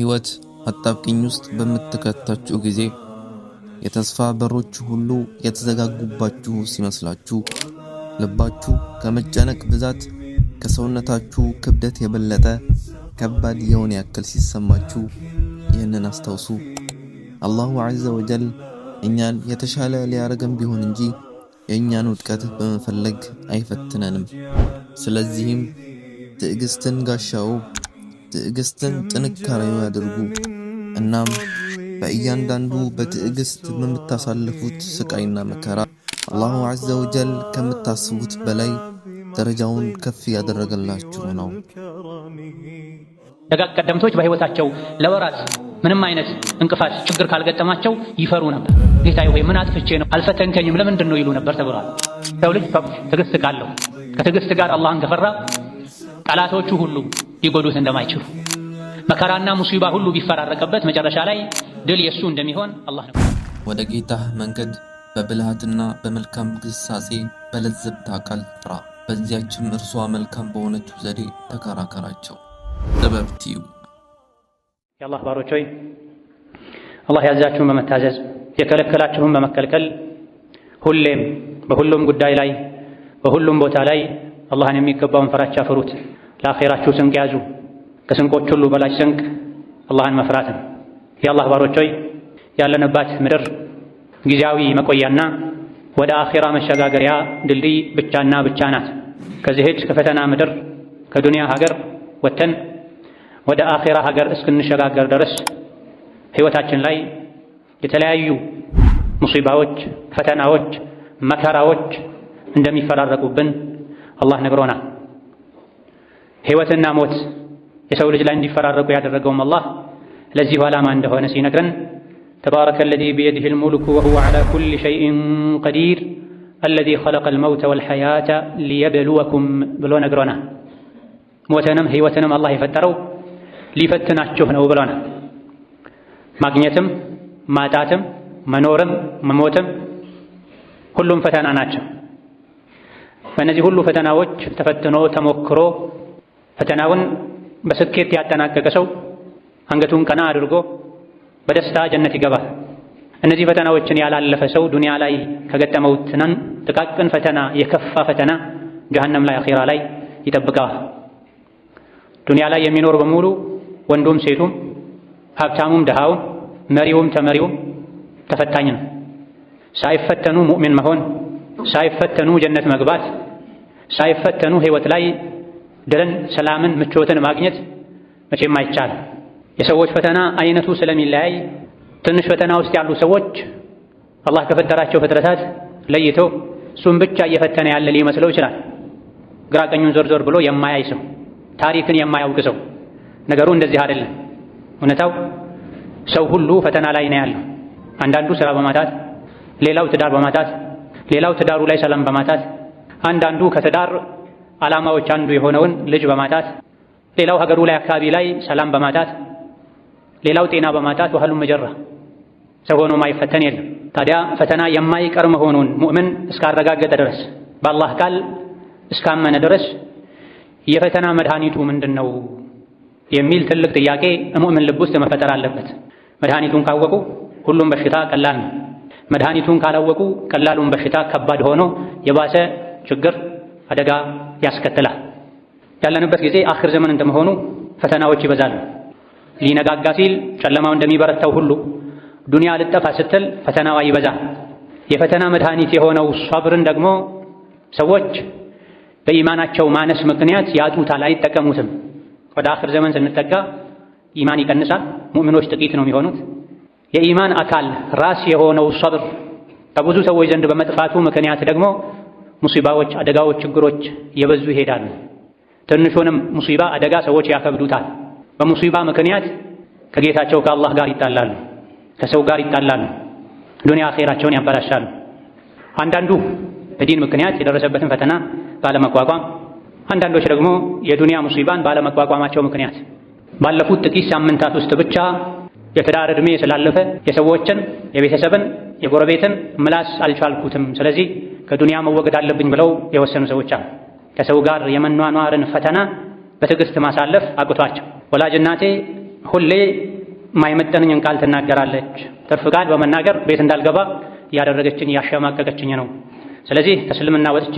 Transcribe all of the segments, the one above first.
ሕይወት አጣብቂኝ ውስጥ በምትከታችሁ ጊዜ የተስፋ በሮች ሁሉ የተዘጋጉባችሁ ሲመስላችሁ ልባችሁ ከመጨነቅ ብዛት ከሰውነታችሁ ክብደት የበለጠ ከባድ የሆነ ያክል ሲሰማችሁ ይህንን አስታውሱ። አላሁ ዐዘ ወጀል እኛን የተሻለ ሊያረገን ቢሆን እንጂ የእኛን ውድቀት በመፈለግ አይፈትነንም። ስለዚህም ትዕግስትን ጋሻው ትዕግስትን ጥንካሬ ያድርጉ። እናም በእያንዳንዱ በትዕግስት በምታሳልፉት ስቃይና መከራ አላሁ ዐዘ ወጀል ከምታስቡት በላይ ደረጃውን ከፍ ያደረገላችሁ ነው። ደጋግ ቀደምቶች በህይወታቸው ለወራት ምንም አይነት እንቅፋት ችግር ካልገጠማቸው ይፈሩ ነበር። ጌታዬ ሆይ ምን አጥፍቼ ነው አልፈተንከኝም ለምንድን ነው ይሉ ነበር ተብሏል። ሰው ልጅ ትዕግስት ቃለው ከትዕግስት ጋር አላህን ከፈራ ጠላቶቹ ሁሉ ሊጎዱት እንደማይችሉ መከራና ሙሲባ ሁሉ ቢፈራረቀበት መጨረሻ ላይ ድል የእሱ እንደሚሆን አላህ ነው። ወደ ጌታህ መንገድ በብልሃትና በመልካም ግሳጼ በለዘብታ አካል ጥራ። በዚያችም እርሷ መልካም በሆነችው ዘዴ ተከራከራቸው። ጥበብ ቲዩ የአላህ ባሮች ሆይ አላህ ያዛችሁን በመታዘዝ የከለከላችሁን በመከልከል ሁሌም በሁሉም ጉዳይ ላይ በሁሉም ቦታ ላይ አላህን የሚገባውን ፈራቻ ፍሩት። ለአኼራችሁ ስንቅ ያዙ። ከስንቆች ሁሉ በላጭ ስንቅ አላህን መፍራትን። የአላህ ባሮች ሆይ ያለንባት ምድር ጊዜያዊ መቆያና ወደ አኼራ መሸጋገሪያ ድልድይ ብቻና ብቻ ናት። ከዚህች ከፈተና ምድር ከዱንያ ሀገር ወጥተን ወደ አኼራ ሀገር እስክንሸጋገር ድረስ ሕይወታችን ላይ የተለያዩ ሙሲባዎች፣ ፈተናዎች፣ መከራዎች እንደሚፈራረቁብን አላህ ነግሮናል። ሕይወትና ሞት የሰው ልጅ ላይ እንዲፈራረቁ ያደረገውም አላህ ለዚሁ ዓላማ እንደሆነ ሲነግረን ተባረከ አለዚ ቢየዲህ ልሙልኩ ወሁወ ዓላ ኩሊ ሸይእን ቀዲር አለዚ ኸለቀ ልመውተ ወልሐያተ ሊየብልወኩም ብሎ ነግሮና። ሞትንም ሕይወትንም አላህ የፈጠረው ሊፈትናችሁ ነው ብሎናል። ማግኘትም ማጣትም መኖርም መሞትም ሁሉም ፈተና ናቸው። በእነዚህ ሁሉ ፈተናዎች ተፈትኖ ተሞክሮ ፈተናውን በስኬት ያጠናቀቀ ሰው አንገቱን ቀና አድርጎ በደስታ ጀነት ይገባል። እነዚህ ፈተናዎችን ያላለፈ ሰው ዱንያ ላይ ከገጠመው ትናን ጥቃቅን ፈተና የከፋ ፈተና ጀሀነም ላይ አኼራ ላይ ይጠብቀዋል። ዱንያ ላይ የሚኖር በሙሉ ወንዱም፣ ሴቱም፣ ሀብታሙም፣ ድሃውም፣ መሪውም፣ ተመሪውም ተፈታኝ ነው። ሳይፈተኑ ሙእሚን መሆን፣ ሳይፈተኑ ጀነት መግባት፣ ሳይፈተኑ ህይወት ላይ ድልን፣ ሰላምን፣ ምቾትን ማግኘት መቼም አይቻልም። የሰዎች ፈተና አይነቱ ስለሚለያይ ትንሽ ፈተና ውስጥ ያሉ ሰዎች አላህ ከፈጠራቸው ፍጥረታት ለይተው እሱን ብቻ እየፈተነ ያለ ሊመስለው ይችላል። ግራ ቀኙን ዞር ዞር ብሎ የማያይ ሰው፣ ታሪክን የማያውቅ ሰው፣ ነገሩ እንደዚህ አይደለም። እውነታው ሰው ሁሉ ፈተና ላይ ነው ያለው። አንዳንዱ ስራ በማጣት ሌላው ትዳር በማጣት ሌላው ትዳሩ ላይ ሰላም በማጣት አንዳንዱ ከትዳር ዓላማዎች አንዱ የሆነውን ልጅ በማጣት ሌላው ሀገሩ ላይ አካባቢ ላይ ሰላም በማጣት ሌላው ጤና በማጣት ወሀሉም መጀራ ሰው ሆኖ ማይፈተን የለም። ታዲያ ፈተና የማይቀር መሆኑን ሙእምን እስካረጋገጠ ድረስ በአላህ ቃል እስካመነ ድረስ የፈተና መድኃኒቱ ምንድን ነው የሚል ትልቅ ጥያቄ ሙእምን ልብ ውስጥ መፈጠር አለበት። መድኃኒቱን ካወቁ ሁሉም በሽታ ቀላል ነው። መድኃኒቱን ካላወቁ ቀላሉን በሽታ ከባድ ሆኖ የባሰ ችግር አደጋ ያስከትላል። ያለንበት ጊዜ አኽር ዘመን እንደመሆኑ ፈተናዎች ይበዛሉ። ሊነጋጋ ሲል ጨለማው እንደሚበረታው ሁሉ ዱንያ ልጠፋ ስትል ፈተናዋ ይበዛ። የፈተና መድኃኒት የሆነው ሷብርን ደግሞ ሰዎች በኢማናቸው ማነስ ምክንያት ያጡታል፣ አይጠቀሙትም። ወደ አኽር ዘመን ስንጠጋ ኢማን ይቀንሳል። ሙእሚኖች ጥቂት ነው የሚሆኑት። የኢማን አካል ራስ የሆነው ሷብር ከብዙ ሰዎች ዘንድ በመጥፋቱ ምክንያት ደግሞ ሙሲባዎች፣ አደጋዎች፣ ችግሮች የበዙ ይሄዳሉ። ትንሹንም ሙሲባ አደጋ ሰዎች ያከብዱታል። በሙሲባ ምክንያት ከጌታቸው ከአላህ ጋር ይጣላሉ፣ ከሰው ጋር ይጣላሉ፣ ዱንያ አኼራቸውን ያበላሻሉ። አንዳንዱ በዲን ምክንያት የደረሰበትን ፈተና ባለመቋቋም፣ አንዳንዶች ደግሞ የዱንያ ሙሲባን ባለመቋቋማቸው ምክንያት ባለፉት ጥቂት ሳምንታት ውስጥ ብቻ የትዳር ዕድሜ ስላለፈ የሰዎችን፣ የቤተሰብን፣ የጎረቤትን ምላስ አልቻልኩትም ስለዚህ ከዱንያ መወገድ አለብኝ ብለው የወሰኑ ሰዎች አሉ። ከሰው ጋር የመኗኗርን ፈተና በትዕግስት ማሳለፍ አቅቷቸው፣ ወላጅ እናቴ ሁሌ ማይመጠንኝን ቃል ትናገራለች፣ ትርፍ ቃል በመናገር ቤት እንዳልገባ እያደረገችኝ እያሸማቀቀችኝ ነው። ስለዚህ ከእስልምና ወጥቼ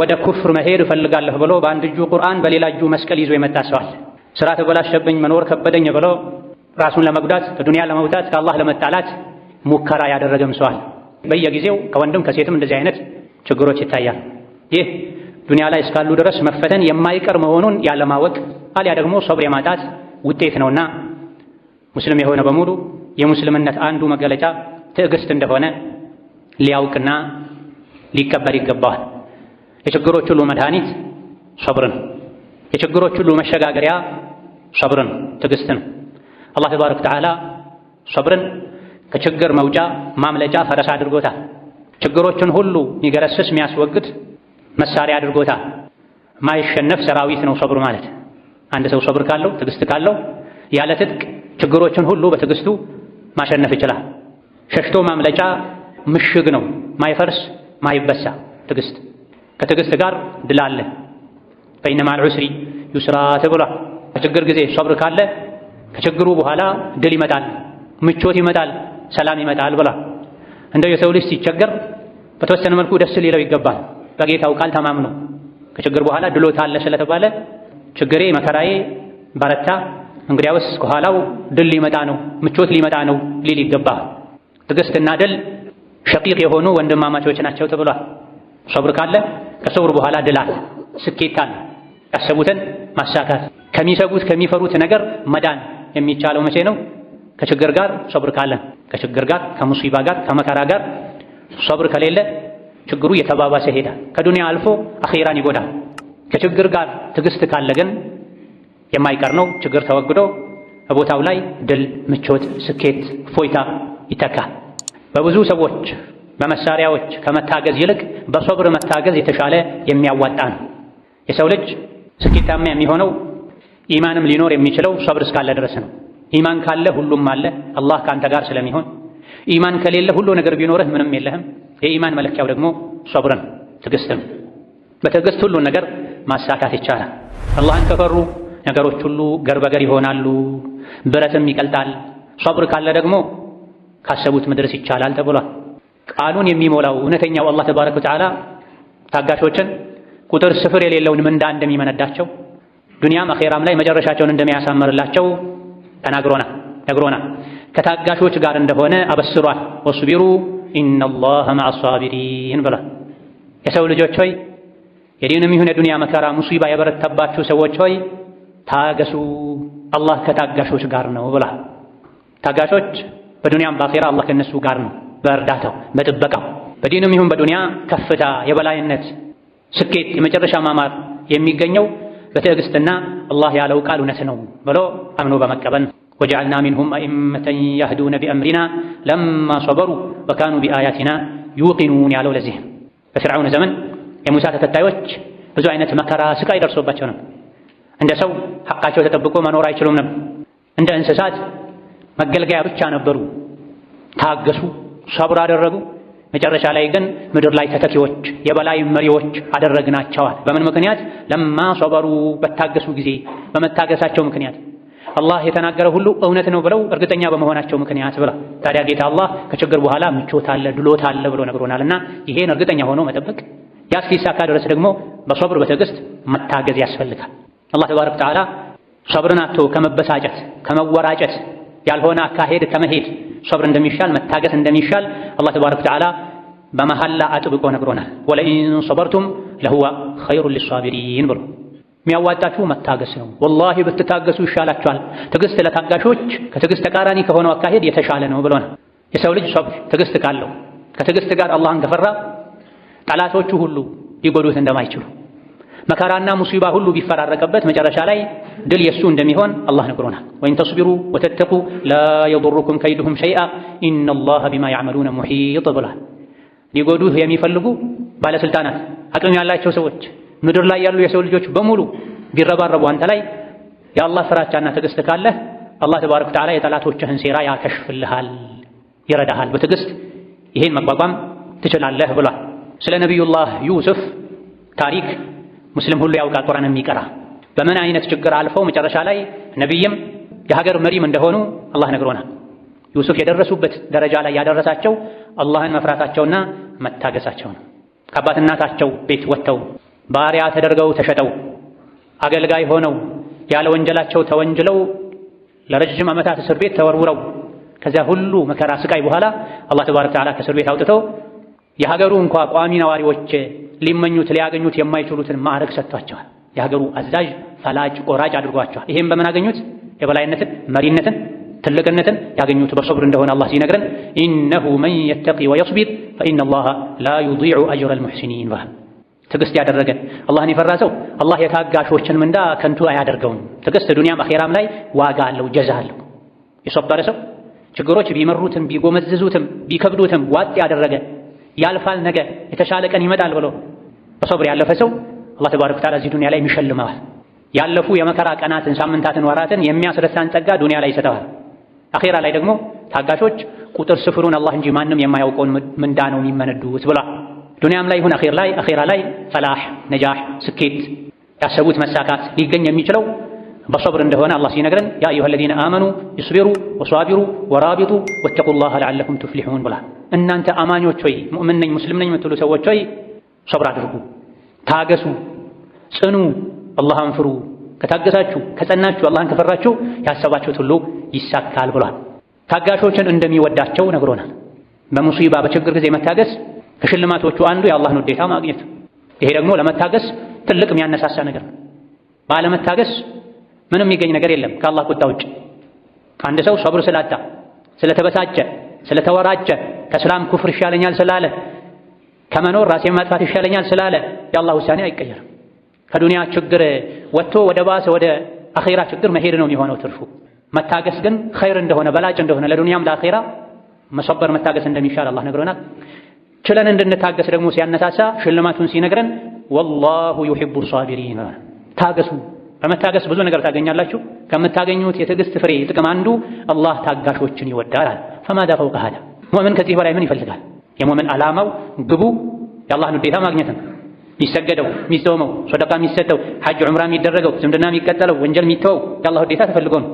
ወደ ኩፍር መሄድ እፈልጋለሁ ብሎ በአንድ እጁ ቁርአን በሌላ እጁ መስቀል ይዞ የመጣ ሰዋል። ስራ ተበላሸብኝ፣ መኖር ከበደኝ ብሎ ራሱን ለመጉዳት ከዱንያ ለመውጣት ከአላህ ለመጣላት ሙከራ ያደረገም ሰዋል። በየጊዜው ከወንድም ከሴትም እንደዚህ አይነት ችግሮች ይታያል። ይህ ዱንያ ላይ እስካሉ ድረስ መፈተን የማይቀር መሆኑን ያለማወቅ አሊያ ደግሞ ሶብር የማጣት ውጤት ነውና ሙስሊም የሆነ በሙሉ የሙስልምነት አንዱ መገለጫ ትዕግስት እንደሆነ ሊያውቅና ሊቀበል ይገባዋል። የችግሮች ሁሉ መድኃኒት ሶብር የችግሮች ሁሉ መሸጋገሪያ ሶብር ትዕግስትን አላህ ተባረከ ወተዓላ ሶብርን ከችግር መውጫ ማምለጫ ፈረስ አድርጎታል። ችግሮችን ሁሉ የሚገረስስ የሚያስወግድ መሳሪያ አድርጎታል። ማይሸነፍ ሰራዊት ነው ሰብር ማለት። አንድ ሰው ሰብር ካለው ትዕግስት ካለው ያለ ትጥቅ ችግሮችን ሁሉ በትዕግስቱ ማሸነፍ ይችላል። ሸሽቶ ማምለጫ ምሽግ ነው፣ ማይፈርስ ማይበሳ ትዕግስት። ከትዕግስት ጋር ድል አለ። ፈኢነ ዑስሪ ዩስራ ተብሏል። ከችግር ጊዜ ሰብር ካለ ከችግሩ በኋላ ድል ይመጣል፣ ምቾት ይመጣል። ሰላም ይመጣል ብሏል። እንደው የሰው ልጅ ሲቸገር በተወሰነ መልኩ ደስ ሊለው ይገባል። በጌታው ቃል ተማምኖ ከችግር በኋላ አለ ስለተባለ ችግሬ መከራዬ በረታ፣ እንግዲያውስ ከኋላው ድል ሊመጣ ነው፣ ምቾት ሊመጣ ነው ሊል ይገባል። ትዕግስትና ድል ሸቂቅ የሆኑ ወንድማማቾች ናቸው ተብሏል። ሶብር ካለ ከሶብር በኋላ ድል አለ፣ ስኬት አለ። ያሰቡትን ማሳካት ከሚሰጉት ከሚፈሩት ነገር መዳን የሚቻለው መቼ ነው? ከችግር ጋር ሰብር ካለን ከችግር ጋር ከሙሲባ ጋር ከመከራ ጋር ሰብር ከሌለ ችግሩ እየተባባሰ ይሄዳል። ከዱንያ አልፎ አኼራን ይጎዳል። ከችግር ጋር ትዕግስት ካለ ግን የማይቀር ነው። ችግር ተወግዶ በቦታው ላይ ድል፣ ምቾት፣ ስኬት፣ እፎይታ ይተካል። በብዙ ሰዎች በመሳሪያዎች ከመታገዝ ይልቅ በሶብር መታገዝ የተሻለ የሚያዋጣ ነው። የሰው ልጅ ስኬታማ የሚሆነው ኢማንም ሊኖር የሚችለው ሶብር እስካለ ድረስ ነው። ኢማን ካለ ሁሉም አለ አላህ ከአንተ ጋር ስለሚሆን፣ ኢማን ከሌለ ሁሉ ነገር ቢኖርህ ምንም የለህም። የኢማን መለኪያው ደግሞ ሶብር ነው፣ በትዕግስት ሁሉን ነገር ማሳካት ይቻላል። አላህን ከፈሩ ነገሮች ሁሉ ገር በገር ይሆናሉ፣ ብረትም ይቀልጣል። ሶብር ካለ ደግሞ ካሰቡት መድረስ ይቻላል ተብሏል። ቃሉን የሚሞላው እውነተኛው አላህ ተባረከ ወተዓላ ታጋሾችን ቁጥር ስፍር የሌለውን ምንዳ እንደሚመነዳቸው፣ ዱንያም አኼራም ላይ መጨረሻቸውን እንደሚያሳምርላቸው ተናግሮናል ነግሮናል። ከታጋሾች ጋር እንደሆነ አበስሯል። ወስቢሩ ኢነላህ ማአሳቢሪን ብሏል። የሰው ልጆች ሆይ የዲንም ይሁን የዱንያ መከራ ሙሲባ የበረተባችሁ ሰዎች ሆይ ታገሱ፣ አላህ ከታጋሾች ጋር ነው ብሏል። ታጋሾች በዱንያም በአኼራ አላህ ከነሱ ጋር ነው፣ በእርዳታው በጥበቃው። በዲንም ይሁን በዱንያ ከፍታ የበላይነት ስኬት የመጨረሻ ማማር የሚገኘው በትዕግስትና አላህ ያለው ቃል እውነት ነው ብሎ አምኖ በመቀበል ወጀዐልና ሚንሁም አኢመተን ያህዱነ ቢአምሪና ለማ ሰበሩ ወካኑ ቢአያቲና ዩቂኑን ያለው ለዚህ በፊርዓውን ዘመን የሙሳ ተከታዮች ብዙ አይነት መከራ፣ ስቃይ ደርሶባቸው ነበር። እንደ ሰው ሐቃቸው ተጠብቆ መኖር አይችሉም ነበር። እንደ እንስሳት መገልገያ ብቻ ነበሩ። ታገሱ፣ ሰብር አደረጉ። መጨረሻ ላይ ግን ምድር ላይ ተተኪዎች የበላይ መሪዎች አደረግናቸዋል። በምን ምክንያት? ለማ ሶበሩ በታገሱ ጊዜ በመታገሳቸው ምክንያት አላህ የተናገረ ሁሉ እውነት ነው ብለው እርግጠኛ በመሆናቸው ምክንያት ብላ። ታዲያ ጌታ አላህ ከችግር በኋላ ምቾት አለ፣ ድሎት አለ ብሎ ነግሮናልና ይሄን እርግጠኛ ሆኖ መጠበቅ ያስኪሳካ ድረስ ደግሞ በሶብር በትዕግስት መታገዝ ያስፈልጋል። አላህ ተባረከ ወተዓላ ሶብርን አጥቶ ከመበሳጨት ከመወራጨት ያልሆነ አካሄድ ከመሄድ ሶብር እንደሚሻል መታገስ እንደሚሻል አላህ ተባረከ ወተዓላ በመሐላ አጥብቆ ነግሮናል። ወለኢን ሰበርቱም ለሁወ ኸይሩ ሊሳቢሪን ብሎ የሚያዋጣችሁ መታገስ ነው። ወላሂ ብትታገሱ ይሻላችኋል። ትዕግስት ለታጋሾች ከትዕግስት ተቃራኒ ከሆነው አካሄድ የተሻለ ነው ብሎናል። የሰው ልጅ ሶብር ትዕግስት ካለው ከትዕግስት ጋር አላህን ከፈራ ጠላቶቹ ሁሉ ሊጎዱት እንደማይችሉ መከራና ሙሲባ ሁሉ ቢፈራረቅበት መጨረሻ ላይ ድል የሱ እንደሚሆን አላህ ነግሮናል። ወይን ተስቢሩ ወተተቁ ላ የዱሩኩም ከይድሁም ሸይአ ኢነላህ ቢማ ያዕመሉነ ሙሒጥ ብሏል። ሊጎዱህ የሚፈልጉ ባለስልጣናት፣ አቅም ያላቸው ሰዎች፣ ምድር ላይ ያሉ የሰው ልጆች በሙሉ ቢረባረቡ አንተ ላይ የአላህ ፍራቻና ትዕግስት ካለህ አላህ ተባረከ ወተዓላ የጠላቶችህን ሴራ ያከሽፍልሃል፣ ይረዳሃል። በትዕግስት ይህን መቋቋም ትችላለህ ብሏል። ስለ ነቢዩላህ ዩሱፍ ታሪክ ሙስሊም ሁሉ ያውቃል ቁርአን የሚቀራ በምን አይነት ችግር አልፈው መጨረሻ ላይ ነቢይም የሀገር መሪም እንደሆኑ አላህ ነግሮናል። ዩሱፍ የደረሱበት ደረጃ ላይ ያደረሳቸው አላህን መፍራታቸውና መታገሳቸው ነው። ከአባት እናታቸው ቤት ወጥተው ባሪያ ተደርገው ተሸጠው አገልጋይ ሆነው ያለ ወንጀላቸው ተወንጅለው ለረጅም ዓመታት እስር ቤት ተወርውረው ከዚያ ሁሉ መከራ ስቃይ በኋላ አላህ ተባረከ ወተዓላ ከእስር ቤት አውጥተው የሀገሩ እንኳ ቋሚ ነዋሪዎች ሊመኙት ሊያገኙት የማይችሉትን ማዕረግ ሰጥቷቸዋል። የሀገሩ አዛዥ ፈላጭ ቆራጭ አድርጓቸዋል። ይህም በምን አገኙት? የበላይነትን፣ መሪነትን፣ ትልቅነትን ያገኙት በሶብር እንደሆነ አላህ ሲነግረን ኢነሁ መን የተቂ ወየስቢር ፈኢና አላህ ላ ዩዲዑ አጅረ ልሙሕሲኒን ብሏል። ትዕግስት ያደረገ አላህን የፈራ ሰው አላህ የታጋሾችን ምንዳ ከንቱ አያደርገውም። ትዕግስት ዱንያም አኼራም ላይ ዋጋ አለው፣ ጀዛ አለው። የሶበረ ሰው ችግሮች ቢመሩትም ቢጎመዝዙትም ቢከብዱትም ዋጥ ያደረገ ያልፋል፣ ነገ የተሻለ ቀን ይመጣል ብሎ በሶብር ያለፈ ሰው አላህ ተባረከ ወተዓላ እዚህ ዱንያ ላይ የሚሸልመዋል። ያለፉ የመከራ ቀናትን፣ ሳምንታትን፣ ወራትን የሚያስረሳን ጸጋ ዱንያ ላይ ይሰጠዋል። አኼራ ላይ ደግሞ ታጋሾች ቁጥር ስፍሩን አላህ እንጂ ማንም የማያውቀውን ምንዳ ነው የሚመነዱት ብሏል። ዱንያም ላይ ይሁን አኼራ ላይ አኼራ ላይ ፈላህ ነጃህ፣ ስኬት ያሰቡት መሳካት ሊገኝ የሚችለው በሰብር እንደሆነ አላህ ሲነግረን ያ አዩሃ ለዚነ አመኑ ይስቢሩ ወሷቢሩ ወራቢጡ ወተቁላህ ለዓለኩም ቱፍሊሑን ብሏል። እናንተ አማኞች ሆይ ሙእምን ነኝ ሙስሊም ነኝ የምትሉ ሰዎች ሆይ ሰብር አድርጉ፣ ታገሱ፣ ጽኑ፣ አላህን ፍሩ። ከታገሳችሁ ከጸናችሁ፣ አላህን ከፈራችሁ ያሰባችሁት ሁሉ ይሳካል ብሏል። ታጋሾችን እንደሚወዳቸው ነግሮናል። በሙሲባ በችግር ጊዜ መታገስ ከሽልማቶቹ አንዱ የአላህን ውዴታ ማግኘት። ይሄ ደግሞ ለመታገስ ትልቅ የሚያነሳሳ ነገር ነው። ባለመታገስ ምንም የሚገኝ ነገር የለም ከአላህ ቁጣ ውጭ። አንድ ሰው ሶብር ስላጣ፣ ስለተበሳጨ፣ ስለተወራጨ፣ ከእስላም ኩፍር ይሻለኛል ስላለ፣ ከመኖር ራሴን ማጥፋት ይሻለኛል ስላለ የአላህ ውሳኔ አይቀየርም። ከዱንያ ችግር ወጥቶ ወደ ባሰ ወደ አኼራ ችግር መሄድ ነው የሚሆነው ትርፉ። መታገስ ግን ኸይር እንደሆነ በላጭ እንደሆነ ለዱንያም ለአኼራ መሰበር መታገስ እንደሚሻል አላህ ነግሮናል። ችለን እንድንታገስ ደግሞ ሲያነሳሳ ሽልማቱን ሲነግረን ወላሁ ዩሂቡ ሷቢሪን ታገሱ በመታገስ ብዙ ነገር ታገኛላችሁ። ከምታገኙት የትዕግስት ፍሬ ጥቅም አንዱ አላህ ታጋሾችን ይወዳል። ፈማዳ ፈውቀ ሃዳ ሙእምን ከዚህ በላይ ምን ይፈልጋል? የሙእምን ዓላማው ግቡ የአላህን ውዴታ ማግኘት ነው። የሚሰገደው የሚጾመው፣ ሶደቃ የሚሰጠው፣ ሐጅ ዑምራ የሚደረገው፣ ዝምድና የሚቀጠለው፣ ወንጀል የሚተወው የአላህ ውዴታ ተፈልጎ ነው።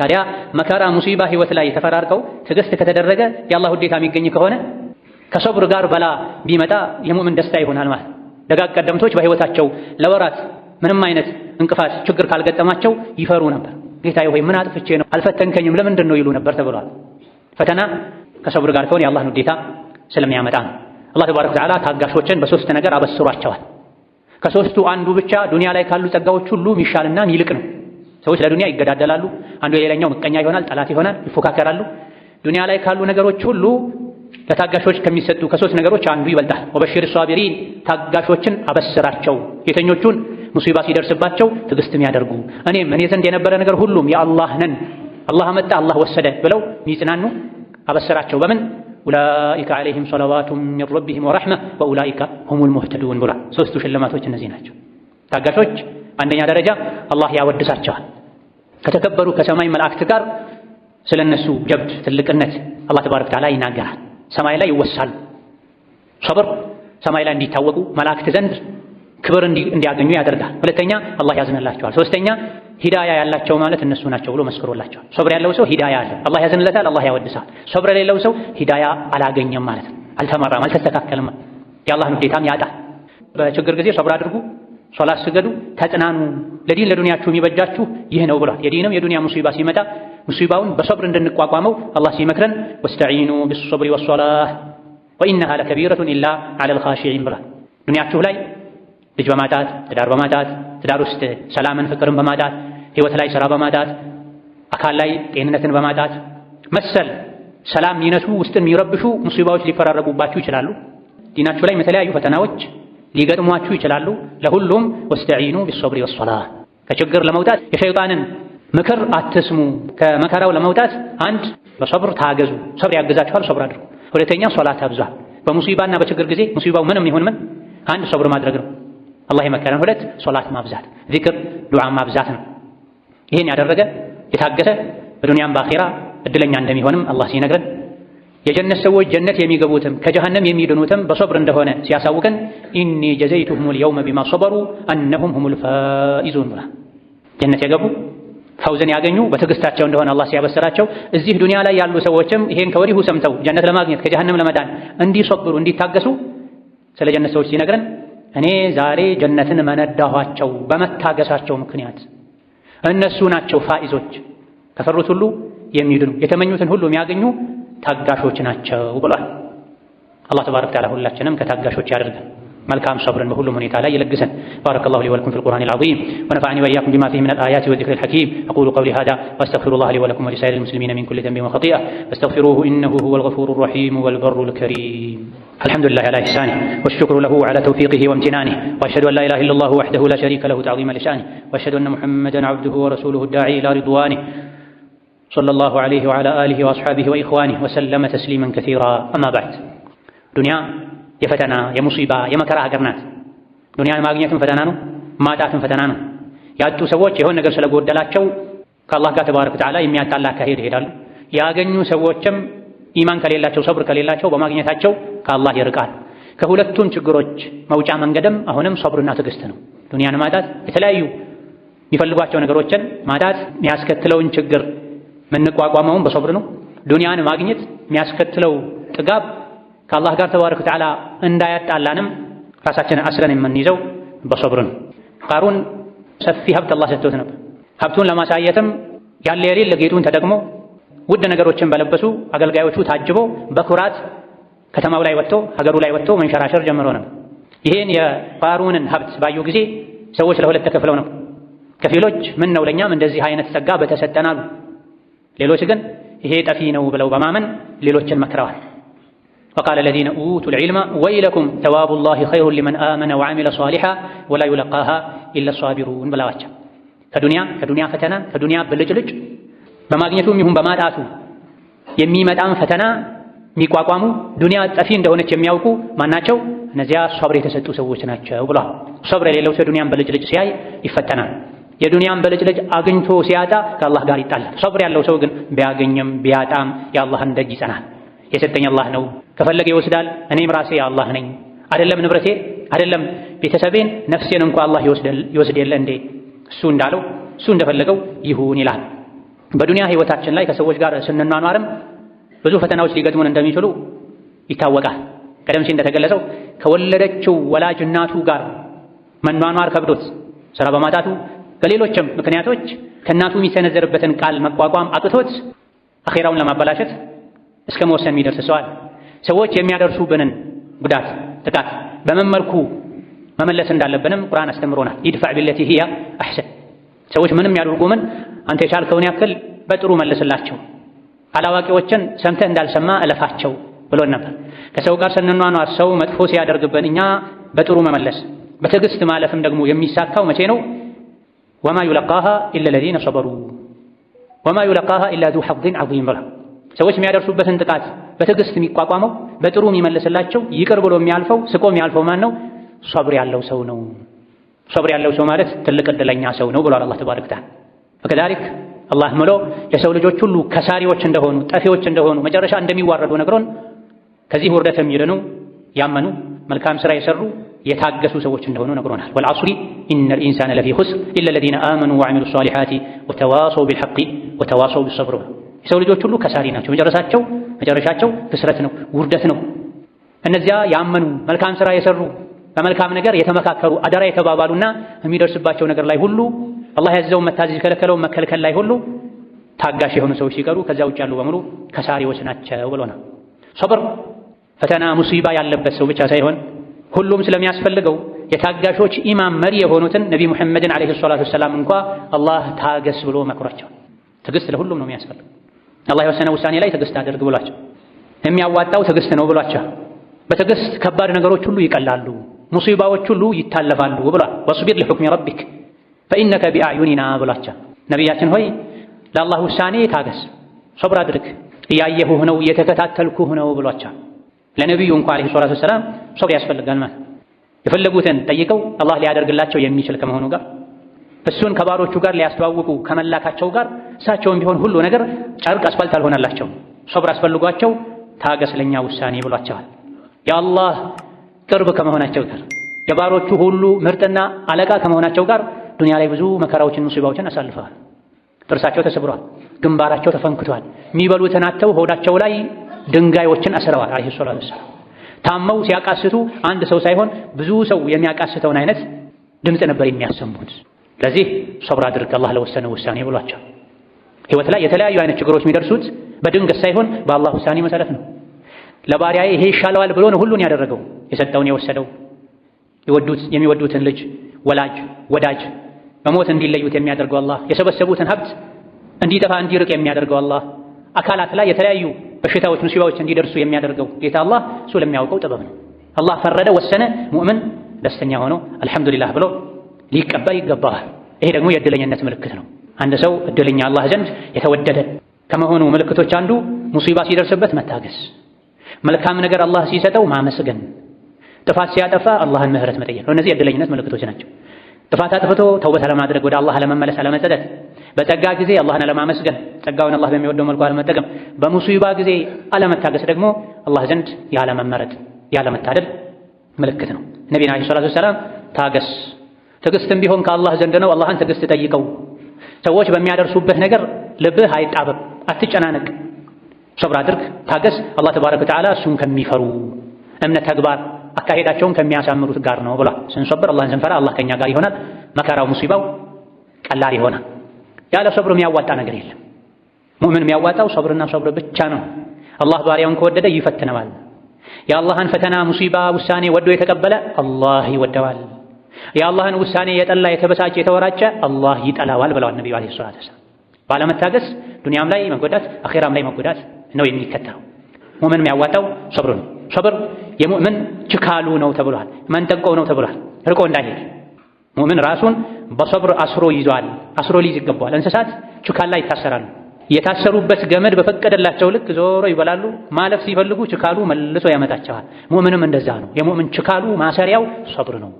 ታዲያ መከራ ሙሲባ ህይወት ላይ የተፈራርቀው ትዕግስት ከተደረገ የአላህ ውዴታ የሚገኝ ከሆነ ከሰብር ጋር በላ ቢመጣ የሙእምን ደስታ ይሆናል ማለት ደጋግ ቀደምቶች በህይወታቸው ለወራት ምንም አይነት እንቅፋት ችግር ካልገጠማቸው ይፈሩ ነበር። ጌታዬ ሆይ ምን አጥፍቼ ነው አልፈተንከኝም ለምንድን ነው ይሉ ነበር ተብሏል። ፈተና ከሰብር ጋር ከሆነ የአላህን ውዴታ ስለሚያመጣ ነው። አላህ ተባረከ ወተዓላ ታጋሾችን በሶስት ነገር አበስሯቸዋል። ከሶስቱ አንዱ ብቻ ዱንያ ላይ ካሉ ጸጋዎች ሁሉ ሚሻልና የሚልቅ ነው። ሰዎች ለዱንያ ይገዳደላሉ። አንዱ የሌላኛው ምቀኛ ይሆናል፣ ጠላት ይሆናል፣ ይፎካከራሉ። ዱንያ ላይ ካሉ ነገሮች ሁሉ ለታጋሾች ከሚሰጡ ከሶስት ነገሮች አንዱ ይበልጣል። ወበሽር ሷቢሪን ታጋሾችን አበስራቸው። የተኞቹን ሙሲባ ሲደርስባቸው ትዕግስት የሚያደርጉ እኔም እኔ ዘንድ የነበረ ነገር ሁሉም የአላህ ነን አላህ መጣ አላህ ወሰደ ብለው ሚጽናኑ አበሰራቸው በምን ኡላኢከ ዓለይሂም ሰለዋቱ ሚን ረቢሂም ወረሕመ ወኡላኢከ ሁሙል ሙህተዱን ብሏል። ሶስቱ ሽልማቶች እነዚህ ናቸው። ታጋሾች አንደኛ ደረጃ አላህ ያወድሳቸዋል ከተከበሩ ከሰማይ መላእክት ጋር ስለነሱ ጀብድ ትልቅነት አላህ ተባረከ ተዓላ ይናገራል። ሰማይ ላይ ይወሳሉ። ሰብር ሰማይ ላይ እንዲታወቁ መላእክት ዘንድ ክብር እንዲያገኙ ያደርጋል። ሁለተኛ አላህ ያዝንላቸዋል። ሶስተኛ ሂዳያ ያላቸው ማለት እነሱ ናቸው ብሎ መስክሮላቸዋል። ሶብር ያለው ሰው ሂዳያ አለ፣ አላህ ያዝንለታል፣ አላህ ያወድሳል። ሶብር የሌለው ሰው ሂዳያ አላገኘም ማለት ነው። አልተመራም፣ አልተስተካከልም፣ የአላህን ውዴታም ያጣል። በችግር ጊዜ ሶብር አድርጉ፣ ሶላት ስገዱ፣ ተጽናኑ፣ ለዲን ለዱንያችሁ የሚበጃችሁ ይህ ነው ብሏል። የዲንም የዱንያ ሙሲባ ሲመጣ ሙሲባውን በሶብር እንድንቋቋመው አላህ ሲመክረን ወስተዒኑ ቢሶብሪ ወሶላህ ወኢነሃ ለከቢረቱን ኢላ ዐለል ኻሺዒን ብሏል። ዱንያችሁ ላይ ልጅ በማጣት ትዳር በማጣት ትዳር ውስጥ ሰላምን ፍቅርን በማጣት ህይወት ላይ ስራ በማጣት አካል ላይ ጤንነትን በማጣት መሰል ሰላም የሚነሱ ውስጥን የሚረብሹ ሙሲባዎች ሊፈራረቁባችሁ ይችላሉ። ዲናችሁ ላይም የተለያዩ ፈተናዎች ሊገጥሟችሁ ይችላሉ። ለሁሉም ወስተዒኑ ቢሶብሪ ወሶላህ። ከችግር ለመውጣት የሸይጣንን ምክር አትስሙ። ከመከራው ለመውጣት አንድ በሶብር ታገዙ። ሶብር ያገዛችኋል፣ ሶብር አድርጉ። ሁለተኛ ሶላት አብዛ። በሙሲባና በችግር ጊዜ ሙሲባው ምንም ይሁን ምን አንድ ሶብር ማድረግ ነው። አላህ የመከረን ሁለት ሶላት ማብዛት፣ ዚክር ዱዓ ማብዛት ነው። ይህን ያደረገ የታገሰ በዱንያም በአኼራ እድለኛ እንደሚሆንም አላህ ሲነግረን የጀነት ሰዎች ጀነት የሚገቡትም ከጀሃነም የሚድኑትም በሶብር እንደሆነ ሲያሳውቀን ኢኒ ጀዘይቱሁሙል የውመ ቢማ ሶበሩ አነሁም ሁሙል ፋኢዙን ብሏል። ጀነት የገቡ ፈውዝን ያገኙ በትዕግስታቸው እንደሆነ አላህ ሲያበሰራቸው እዚህ ዱንያ ላይ ያሉ ሰዎችም ይሄን ከወዲሁ ሰምተው ጀነት ለማግኘት ከጀሃነም ለመዳን እንዲሶብሩ እንዲታገሱ ስለ ጀነት ሰዎች ሲነግረን እኔ ዛሬ ጀነትን መነዳኋቸው በመታገሳቸው ምክንያት እነሱ ናቸው ፋኢዞች ከፈሩት ሁሉ የሚድኑ የተመኙትን ሁሉ የሚያገኙ ታጋሾች ናቸው ብሏል። አላህ ተባረከ ወተዓላ ሁላችንም ከታጋሾች ያደርገን። መልካም ሰብርን በሁሉም ሁኔታ ላይ ይለግሰን። ባረከላሁ ሊ ወለኩም ፊል ቁርአኒል ዓዚም ወነፈዐኒ ወኢያኩም ቢማ ፊሂ ሚነል አያቲ ወዚክሪል ሐኪም አቁሉ ቀውሊ ሃዛ ወአስተግፊሩላህ ሊ ወለኩም ወሊሳኢሪል ሙስሊሚና ሚን ኩሊ ዘንቢን ወኸጢአ ፈስተግፊሩሁ ኢነሁ ሁወል ገፉሩ ረሒም ወል በሩል ከሪም الحمد لله على إحسانه والشكر له على توفيقه وامتنانه وأشهد أن لا إله إلا الله وحده لا شريك له تعظيم لشانه وأشهد أن محمدا عبده ورسوله الداعي إلى رضوانه صلى الله عليه وعلى آله وأصحابه وإخوانه وسلم تسليما كثيرا أما بعد دنيا يا فتنا يا مصيبة يا مكره قرنات دنيا ما أغنيت فتنانو ما تعت فتنانو يا ያጡ ሰዎች የሆነ شو كالله ከአላህ ጋር ተባረከ الله كهير هلال يا أغنيو ሰዎችም ኢማን ከሌላቸው ሰብር ከሌላቸው በማግኘታቸው ከአላህ ይርቃል። ከሁለቱም ችግሮች መውጫ መንገድም አሁንም ሰብርና ትዕግስት ነው። ዱንያን ማጣት፣ የተለያዩ የሚፈልጓቸው ነገሮችን ማጣት የሚያስከትለውን ችግር የምንቋቋመውን በሰብር ነው። ዱንያን ማግኘት የሚያስከትለው ጥጋብ ከአላህ ጋር ተባረከ ወተዓላ እንዳያጣላንም ራሳችንን አስረን የምንይዘው በሰብር ነው። ቃሩን ሰፊ ሀብት አላህ ሰጥቶት ነበር። ሀብቱን ለማሳየትም ያለ የሌለ ጌጡን ተጠቅሞ ውድ ነገሮችን በለበሱ አገልጋዮቹ ታጅቦ በኩራት ከተማው ላይ ወጥቶ ሀገሩ ላይ ወጥቶ መንሸራሸር ጀምሮ ነው። ይህን የቃሩንን ሀብት ባዩ ጊዜ ሰዎች ለሁለት ተከፍለው ነው። ከፊሎች ምን ነው ለእኛም እንደዚህ አይነት ጸጋ አሉ። ሌሎች ግን ይሄ ጠፊ ነው ብለው በማመን ሌሎችን መክረዋል። ወቃለ ለዚነ ኡቱል ዒልመ ወይለኩም ተዋቡላሂ ኸይሩን ሊመን አመነ ወዓሚለ ሷሊሓ ወላ ዩለቃሃ ኢለ ሷቢሩን ብለዋቸው ከዱንያ ከዱንያ ፈተና ከዱንያ ብልጭልጭ በማግኘቱም ይሁን በማጣቱ የሚመጣን ፈተና የሚቋቋሙ ዱንያ ጠፊ እንደሆነች የሚያውቁ ማናቸው? እነዚያ ሶብር የተሰጡ ሰዎች ናቸው ብሏል። ሶብር የሌለው ሰው ዱንያን በልጭልጭ ሲያይ ይፈተናል። የዱንያን በልጭልጭ አግኝቶ ሲያጣ ከአላህ ጋር ይጣላል። ሶብር ያለው ሰው ግን ቢያገኝም ቢያጣም የአላህን ደጅ ይጸናል። የሰጠኝ አላህ ነው፣ ከፈለገ ይወስዳል። እኔም ራሴ የአላህ ነኝ። አይደለም ንብረቴ፣ አይደለም ቤተሰቤን፣ ነፍሴን እንኳ አላህ ይወስድ የለ እንዴ? እሱ እንዳለው እሱ እንደፈለገው ይሁን ይላል። በዱንያ ህይወታችን ላይ ከሰዎች ጋር ስንኗኗርም ብዙ ፈተናዎች ሊገጥሙን እንደሚችሉ ይታወቃል። ቀደም ሲል እንደተገለጸው ከወለደችው ወላጅ እናቱ ጋር መኗኗር ከብዶት ስራ በማጣቱ በሌሎችም ምክንያቶች ከእናቱ የሚሰነዘርበትን ቃል መቋቋም አቅቶት አኼራውን ለማበላሸት እስከ መወሰን የሚደርስ ሰዋል። ሰዎች የሚያደርሱብንን ጉዳት፣ ጥቃት በምን መልኩ መመለስ እንዳለብንም ቁርአን አስተምሮናል። ይድፋዕ ቢለቲ ሂያ አሕሰን ሰዎች ምንም ያድርጉ ምን አንተ የቻልከውን ያክል በጥሩ መልስላቸው፣ አላዋቂዎችን ሰምተህ እንዳልሰማ እለፋቸው ብሎን ነበር። ከሰው ጋር ስንኗኗር ሰው መጥፎ ሲያደርግብን እኛ በጥሩ መመለስ በትዕግስት ማለፍም ደግሞ የሚሳካው መቼ ነው? ወማ ዩለቃሃ ኢላ ለዚነ ሰበሩ ወማ ዩለቃሃ ኢላ ዙ ሐዝን ዐዚም ብላ ሰዎች የሚያደርሱበትን ጥቃት በትዕግስት የሚቋቋመው በጥሩ የሚመልስላቸው ይቅር ብሎ የሚያልፈው ስቆ የሚያልፈው ማን ነው? ሶብር ያለው ሰው ነው። ሰብር ያለው ሰው ማለት ትልቅ እድለኛ ሰው ነው ብሏል አላህ ተባረከ ተዓላ። ወከዛሊክ አላህ ምሎ የሰው ልጆች ሁሉ ከሳሪዎች እንደሆኑ ጠፊዎች እንደሆኑ መጨረሻ እንደሚዋረዱ ነግሮን ከዚህ ውርደት የሚድኑ ያመኑ መልካም ስራ የሰሩ የታገሱ ሰዎች እንደሆኑ ነግሮናል። ወልዐስሪ ኢነል ኢንሳነ ለፊ ኹስር ኢለ ለዚነ አመኑ ወዐሚሉ ሷሊሓቲ ወተዋሰው ቢልሐቂ ወተዋሰው ቢሰብር። የሰው ልጆች ሁሉ ከሳሪ ናቸው። መጨረሻቸው መጨረሻቸው ክስረት ነው፣ ውርደት ነው። እነዚያ ያመኑ መልካም ስራ የሰሩ በመልካም ነገር የተመካከሩ አደራ የተባባሉና የሚደርስባቸው ነገር ላይ ሁሉ አላህ ያዘው መታዘዝ የከለከለውን መከልከል ላይ ሁሉ ታጋሽ የሆኑ ሰዎች ሲቀሩ ከዛ ውጭ ያሉ በሙሉ ከሳሪዎች ናቸው ነው። ሶብር ፈተና ሙሲባ ያለበት ሰው ብቻ ሳይሆን ሁሉም ስለሚያስፈልገው የታጋሾች ኢማም መሪ የሆኑትን ነቢ ሙሐመድን ዓለይሂ ሰላቱ ወሰላም እንኳ አላህ ታገስ ብሎ መክሯቸው። ትዕግስት ለሁሉም ነው የሚያስፈልገው። አላህ የወሰነ ውሳኔ ላይ ትዕግስት አድርግ ብሏቸው፣ የሚያዋጣው ትዕግስት ነው ብሏቸው። በትዕግስት ከባድ ነገሮች ሁሉ ይቀላሉ። ሙሲባዎች ሁሉ ይታለፋሉ ብሏል። ወስቢር ሊሁክሚ ረቢክ ፈኢነከ ቢአዩኒና ብሏቸው ነቢያችን ሆይ ለአላህ ውሳኔ ታገስ፣ ሶብር አድርግ፣ እያየሁህ ነው እየተከታተልኩህ ነው ብሏቸው። ለነቢዩ እንኳ ዓለይሂ ሰላቱ ወሰላም ሶብር ያስፈልጋል ማለት የፈለጉትን ጠይቀው አላህ ሊያደርግላቸው የሚችል ከመሆኑ ጋር እሱን ከባሮቹ ጋር ሊያስተዋውቁ ከመላካቸው ጋር እሳቸውም ቢሆን ሁሉ ነገር ጨርቅ አስፋልት አልሆነላቸው። ሶብር አስፈልጓቸው ታገስ ለኛ ውሳኔ ብሏቸዋል። የአላህ ቅርብ ከመሆናቸው ጋር የባሮቹ ሁሉ ምርጥና አለቃ ከመሆናቸው ጋር ዱንያ ላይ ብዙ መከራዎችን ሙሲባዎችን አሳልፈዋል። ጥርሳቸው ተሰብሯል፣ ግንባራቸው ተፈንክቷል። የሚበሉትን አጥተው ሆዳቸው ላይ ድንጋዮችን አስረዋል። አለይሂ ሰላቱ ወሰላም ታመው ሲያቃስቱ አንድ ሰው ሳይሆን ብዙ ሰው የሚያቃስተውን አይነት ድምፅ ነበር የሚያሰሙት። ለዚህ ሶብር አድርግ አላህ ለወሰነው ውሳኔ ብሏቸው። ህይወት ላይ የተለያዩ አይነት ችግሮች የሚደርሱት በድንገት ሳይሆን በአላህ ውሳኔ መሰረት ነው። ለባሪያዬ ይሄ ይሻለዋል ብሎ ነው ሁሉን ያደረገው፣ የሰጠውን የወሰደው። የሚወዱትን ልጅ ወላጅ ወዳጅ በሞት እንዲለዩት የሚያደርገው አላህ፣ የሰበሰቡትን ሀብት እንዲጠፋ እንዲርቅ የሚያደርገው አላህ፣ አካላት ላይ የተለያዩ በሽታዎች ሙሲባዎች እንዲደርሱ የሚያደርገው ጌታ አላህ እሱ ለሚያውቀው ጥበብ ነው። አላህ ፈረደ፣ ወሰነ። ሙእምን ደስተኛ ሆኖ አልሐምዱሊላህ ብሎ ሊቀበል ይገባዋል። ይሄ ደግሞ የእድለኝነት ምልክት ነው። አንድ ሰው እድለኛ አላህ ዘንድ የተወደደ ከመሆኑ ምልክቶች አንዱ ሙሲባ ሲደርስበት መታገስ መልካም ነገር አላህ ሲሰጠው ማመስገን፣ ጥፋት ሲያጠፋ አላህን ምህረት መጠየቅ ነው። እነዚህ የዕድለኝነት ምልክቶች ናቸው። ጥፋት አጥፍቶ ተውበት አለማድረግ፣ ወደ አላህ አለመመለስ፣ አለመጸጸት፣ በጸጋ ጊዜ አላህን አለማመስገን፣ ጸጋውን አላህ በሚወደው መልኩ አለመጠቀም፣ በሙሲባ ጊዜ አለመታገስ ደግሞ አላህ ዘንድ ያለመመረጥ ያለመታደል ምልክት ነው። ነቢና ዓለይሂ ሰላቱ ወሰላም ታገስ፣ ትዕግስትም ቢሆን ከአላህ ዘንድ ነው። አላህን ትዕግስት ጠይቀው። ሰዎች በሚያደርሱበት ነገር ልብህ አይጣበብ፣ አትጨናነቅ ሰብር አድርግ፣ ታገስ። አላህ ተባረከ ወተዓላ እሱን ከሚፈሩ እምነት ተግባር አካሄዳቸውን ከሚያሳምሩት ጋር ነው ብሏል። ስንሰብር አላህን ስንፈራ አላህ ከኛ ጋር ይሆናል። መከራው ሙሲባው ቀላል ይሆናል። ያለ ሰብር የሚያዋጣ ነገር የለም። ሙእምን የሚያዋጣው ሰብርና ሰብር ብቻ ነው። አላህ ባሪያውን ከወደደ ይፈትነዋል። የአላህን ፈተና ሙሲባ ውሳኔ ወዶ የተቀበለ አላህ ይወደዋል። የአላህን ውሳኔ የጠላ የተበሳጨ የተወራጨ አላህ ይጠላዋል ብለዋል ነቢዩ ዓለይሂ ሰላቱ ወሰላም። ባለመታገስ ዱንያም ላይ መጎዳት አኼራም ላይ መጎዳት ነው የሚከተለው። ሙእምን የሚያዋጣው ሶብር ነው። ሶብር የሙእምን ችካሉ ነው ተብሏል። መንጠቆው ነው ተብሏል። ርቆ እንዳይሄድ ሙእምን ራሱን በሶብር አስሮ ይዟል። አስሮ ሊይዝ ይገባዋል። እንስሳት ችካል ይታሰራሉ። የታሰሩበት ገመድ በፈቀደላቸው ልክ ዞሮ ይበላሉ። ማለፍ ሲፈልጉ ችካሉ መልሶ ያመጣቸዋል። ሙእምንም እንደዛ ነው። የሙእምን ችካሉ ማሰሪያው ሶብር ነው።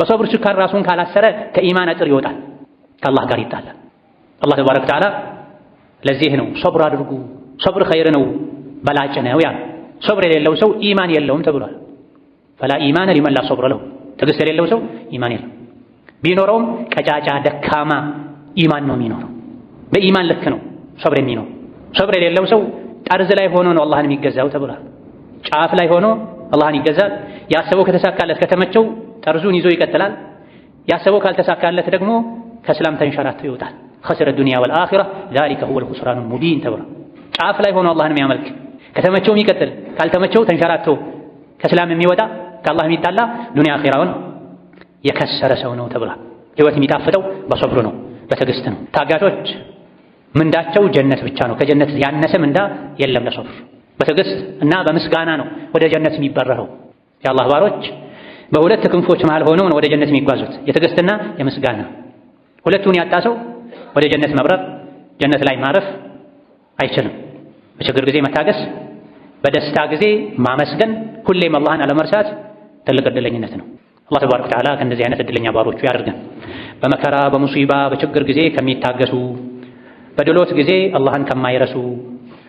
በሶብር ችካል ራሱን ካላሰረ ከኢማን አጥር ይወጣል፣ ከአላህ ጋር ይጣላል። አላህ ተባረከ ወተዓላ ለዚህ ነው ሶብር አድርጉ ሶብር ኸይር ነው በላጭ ነው ያሉ። ሶብር የሌለው ሰው ኢማን የለውም ተብሏል። ፈላ ኢማን ሊመላ ሶብር ለሁ ትዕግስት የሌለው ሰው ኢማን የለው። ቢኖረውም ቀጫጫ ደካማ ኢማን ነው የሚኖረው። በኢማን ልክ ነው ሶብር የሚኖር። ሶብር የሌለው ሰው ጠርዝ ላይ ሆኖ ነው አላህን የሚገዛው ተብሏል። ጫፍ ላይ ሆኖ አላህን ይገዛል። ያሰበው ከተሳካለት ከተመቸው ጠርዙን ይዞ ይቀጥላል። ያሰበው ካልተሳካለት ደግሞ ከእስላም ተንሸራቶ ይወጣል። ኸስረ ዱንያ ወልአኺራ ዛሊከ ሁወል ኹስራኑል ሙቢን ተብሏል። ጫፍ ላይ ሆኖ አላህን የሚያመልክ ከተመቸው የሚቀጥል ካልተመቸው ተንሸራቶ ከእስላም የሚወጣ ከአላህ የሚጣላ ዱንያ አኺራውን የከሰረ ሰው ነው ተብሏል። ህይወት የሚጣፍጠው በሶብሩ ነው፣ በትዕግስት ነው። ታጋቾች ምንዳቸው ጀነት ብቻ ነው። ከጀነት ያነሰ ምንዳ የለም ለሶብር በትዕግስት እና በምስጋና ነው ወደ ጀነት የሚበረረው። የአላህ ባሮች በሁለት ክንፎች መሃል ሆነው ወደ ጀነት የሚጓዙት የትዕግስትና የምስጋና። ሁለቱን ያጣ ሰው ወደ ጀነት መብረር ጀነት ላይ ማረፍ አይችልም። በችግር ጊዜ መታገስ፣ በደስታ ጊዜ ማመስገን፣ ሁሌም አላህን አለመርሳት ትልቅ እድለኝነት ነው። አላህ ተባረከ ወተዓላ ከእንደዚህ አይነት እድለኛ ባሮቹ ያደርገን። በመከራ በሙሲባ በችግር ጊዜ ከሚታገሱ፣ በድሎት ጊዜ አላህን ከማይረሱ፣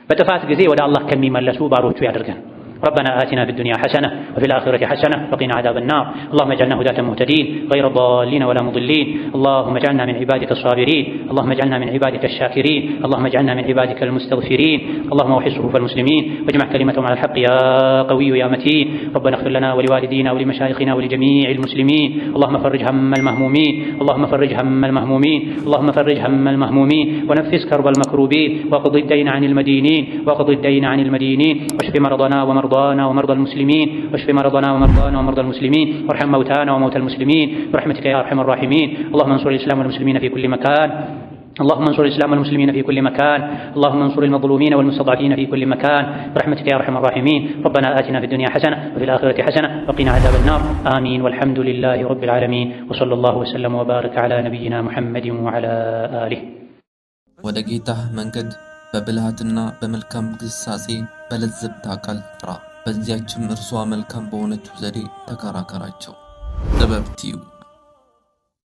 በጥፋት ጊዜ ወደ አላህ ከሚመለሱ ባሮቹ ያደርገን። ربنا آتنا في الدنيا حسنة وفي الآخرة حسنة وقنا عذاب النار اللهم اجعلنا هداة مهتدين غير ضالين ولا مضلين اللهم اجعلنا من عبادك الصابرين اللهم اجعلنا من عبادك الشاكرين اللهم اجعلنا من عبادك المستغفرين اللهم وحي صفوف المسلمين واجمع كلمتهم على الحق يا قوي يا متين ربنا اغفر لنا ولوالدينا ولمشايخنا ولجميع المسلمين اللهم فرج هم المهمومين اللهم فرج هم المهمومين اللهم فرج هم المهمومين ونفس كرب المكروبين واقض الدين عن المدينين واقض الدين عن المدينين واشف مرضنا ومرضى مرضانا ومرضى المسلمين واشف مرضانا ومرضانا ومرضى المسلمين وارحم موتانا وموتى المسلمين برحمتك يا ارحم الراحمين اللهم انصر الاسلام والمسلمين في كل مكان اللهم انصر الاسلام والمسلمين في كل مكان، اللهم انصر المظلومين والمستضعفين في كل مكان، برحمتك يا ارحم الراحمين، ربنا اتنا في الدنيا حسنه وفي الاخره حسنه وقنا عذاب النار، امين والحمد لله رب العالمين، وصلى الله وسلم وبارك على نبينا محمد وعلى اله. ودقيته منقد በብልሃትና በመልካም ግሳጼ በለዘብታ አካል ጥራ። በዚያችም እርሷ መልካም በሆነችው ዘዴ ተከራከራቸው። ጥበብ